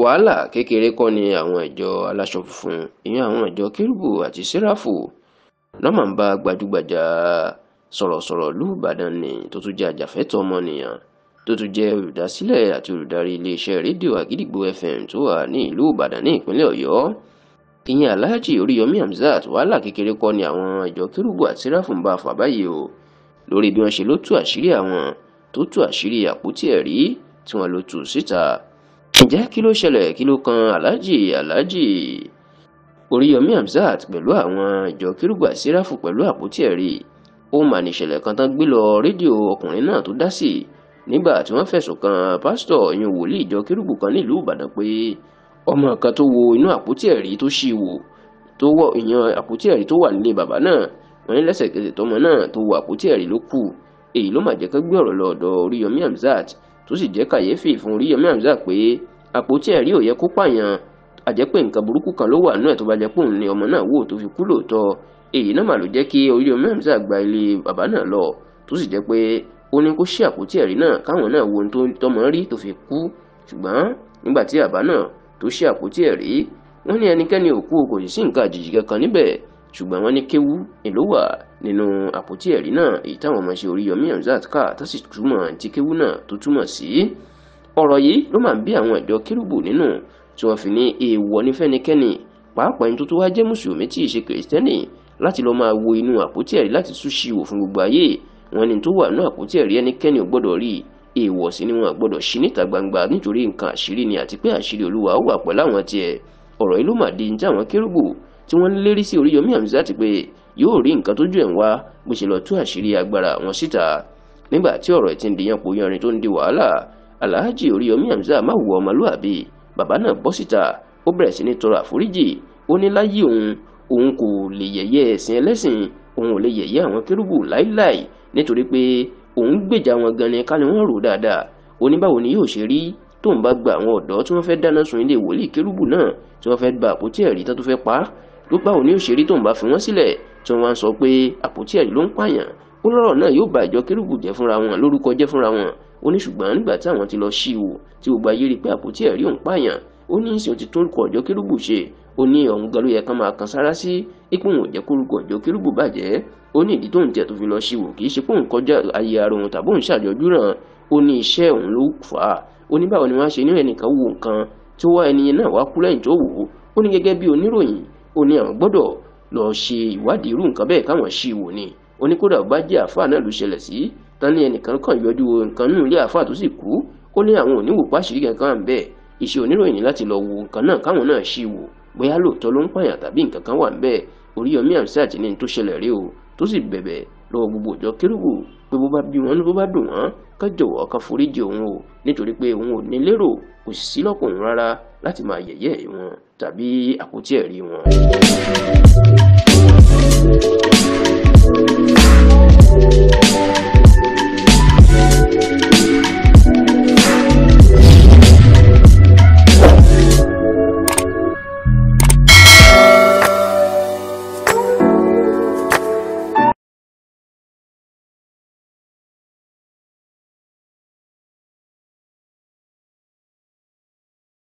wàhálà kékeré kọ́ ni àwọn ìjọ aláṣọ funfun ìyẹn àwọn ìjọ kérúbù àti séráfù lọ́mọ̀ ń bá gbajúgbajà sọ̀rọ̀sọ̀rọ̀ lùbàdàn ni tó tún jẹ́ àjàfẹ́tọ̀ ọmọnìyàn tó tún jẹ́ olùdásílẹ̀ àti olùdarí iléeṣẹ́ rédíò àgídìgbò fm tó wà ní ìlú ìbàdàn ní ìpínlẹ̀ ọ̀yọ́ ìyẹn aláàjì oríyọmí hamzat wàhálà kékeré kọ́ ni àwọn ìjọ kérúbù àti séráfù ń bá fà báyìí o lórí bí wọ́n ṣe ló tú tí wọ́n ló tú síta ǹjẹ́ kí ló ṣẹlẹ̀ kí ló kan aláàjì aláàjì oríyọmí hamzat pẹ̀lú àwọn ìjọ kírúgbà síráfù pẹ̀lú àpótí ẹ̀rí ó mà níṣẹ̀lẹ̀ kan tán gbé lọ rédíò ọkùnrin náà tó dá sí nígbà tí wọ́n fẹ̀sùn kan pásítọ̀ ìyẹn wòlíì ìjọ kírúgbù kan nílùú ìbàdàn pé ọmọ kan tó wo inú àpótí ẹ̀rí tó ṣì wò tó wọ ìyẹn àpótí ẹ̀rí tó wà nílé bàbá náà wọ́n ní lẹ́sẹ̀kẹsẹ̀ tọmọ náà tó wo àpótí ẹ̀rí ló kù èyí ló mà jẹ́ kán ọ̀rọ̀ lọ ọ̀dọ̀ hamzat tó sì jẹ́ kàyéfì fún Oríyọmí Hamzat pé àpótí ẹ̀rí ò yẹ kó pààyàn àjẹpẹ́ nǹkan burúkú kan ló wà nú ẹ̀ tó bá jẹ́ pòun ni ọmọ náà wò tó fi kú lóòótọ́ èyí náà mà ló jẹ́ kí Oríyọmí Hamzat gba ilé bàbá náà lọ tó sì jẹ́ pé ó ní kó ṣí àpótí ẹ̀rí náà káwọn náà wo ohun tó tọmọ rí tó fi kú ṣùgbọ́n nígbà tí bàbá náà tó ṣí àpótí ẹ̀rí wọ́n ní ẹnikẹ́ni òkú kò sì sí nǹkan àjèjì kankan níbẹ̀ ṣùgbọ́n wọ́n ní kéwú èló wà nínú àpótí ẹ̀rí náà èyí táwọn ọmọ ṣe Oríyọmí Hamzat ká tó sì túmọ̀ tí kéwú náà tó túmọ̀ sí. ọ̀rọ̀ yìí ló máa ń bí àwọn ìjọ kérúbù nínú tí wọ́n fi ní èèwọ̀ ní fẹ́nikẹ́ni pàápàá ẹni tó tó wá jẹ́ mùsùlùmí tí ì ṣe kìrìsìtẹ́nì láti lọ́ọ́ máa wo inú àpótí ẹ̀rí láti tún ṣe fún gbogbo ayé wọn ni tó wà nínú àpótí ẹ̀rí ẹnikẹ́ni ò gbọ́dọ̀ rí èèwọ̀ sí ni wọn gbọ́dọ̀ ṣí níta gbangba nítorí nǹkan àṣírí ni àti pé àṣírí Olúwa wà pẹ̀lú àwọn tiẹ̀ ọ̀rọ̀ yìí ló mà di ní tí kérúbù tí wọ́n lérí sí Oríyọmí Hamzat pé yóò rí nǹkan tójú ẹ̀ ń wá bó ṣe lọ tú àṣírí agbára wọn síta nígbà tí ọ̀rọ̀ ti ń di yanpo yanrin tó ń di wàhálà Alhaji Oríyọmí Hamzat má wù ọmọlúàbí bàbá náà bọ́ síta ó bẹ̀rẹ̀ sí ní tọrọ àforíjì ó ní láyé òun òun kò lè yẹ̀yẹ́ ẹ̀sìn ẹlẹ́sìn òun ò lè yẹ̀yẹ́ àwọn kérúbù láíláì nítorí pé òun gbèjà wọn gan ni kálí wọn rò dáadáa ó ni yóò ṣe rí tóun bá gba àwọn ọ̀dọ́ tí wọ́n fẹ́ dáná sun ilé wòlíì kérúbù náà tí wọ́n fẹ́ gba àpótí ẹ̀rí tó fẹ́ pa ló òní òṣèré tó ń bá fi wọ́n sílẹ̀ tí wọ́n sọ pé àpótí ẹ̀rí ló ń pààyàn ó lọ́rọ̀ náà yóò bà ìjọ kérúbù jẹ́ fúnra wọn lórúkọ jẹ́ fúnra wọn ó ní ṣùgbọ́n nígbà tí àwọn ti lọ sí i tí gbogbo ayé rí pé àpótí ẹ̀rí òun pààyàn ó ní ìsìn ti tó orúkọ ọjọ́ kérúbù ṣe ó ní ọ̀hún gan yẹ ká máa kan sára sí ipò òun ò kórúkọ ọjọ́ kérúbù bàjẹ́ ó ní ìdí tó ń tẹ̀ tó fi lọ sí i kì í ṣe pé òun kọjá ayé ara òun tàbí òun ṣàjọjú ràn ó ní iṣẹ́ òun ló fà á ó ní báwo ni wọ́n ṣe ní ẹnìkan wo nǹkan tí ó wá ẹni náà wá kú lẹ́yìn tó wò ó ó ní gẹ́gẹ́ bí oníròyìn ó ní àwọn gbọ́dọ̀ lọ ṣe ìwádìí irú nǹkan bẹ́ẹ̀ káwọn ṣì wò ni ó ní kódà bá jẹ́ àáfàá náà ló ṣẹlẹ̀ sí tán ní ẹnìkan kàn yọjú nǹkan nínú ilé àáfàá tó sì kú ó ní àwọn òní wò páṣírí kankan à bẹ́ẹ̀ iṣẹ́ oníròyìn ni láti lọ wo nǹkan náà káwọn náà ṣì wò bóyá lóòótọ́ ló ń pààyàn tàbí nǹkan kan wà ń bẹ́ẹ̀ Oríyọmí Hamzat ní tó ṣẹlẹ̀ rí o tó sì bẹ̀bẹ̀ lọ́wọ́ gbogbo ìjọ kérúbù pé bó bá bí wọn bó bá dùn wọn ká jọ̀wọ́ ká foríjì òun o nítorí pé òun ò ní lérò kò sì sí lọ́kùnrin rárá láti máa yẹ̀yẹ́ wọn tàbí àpótí ẹ̀rí wọn. thank you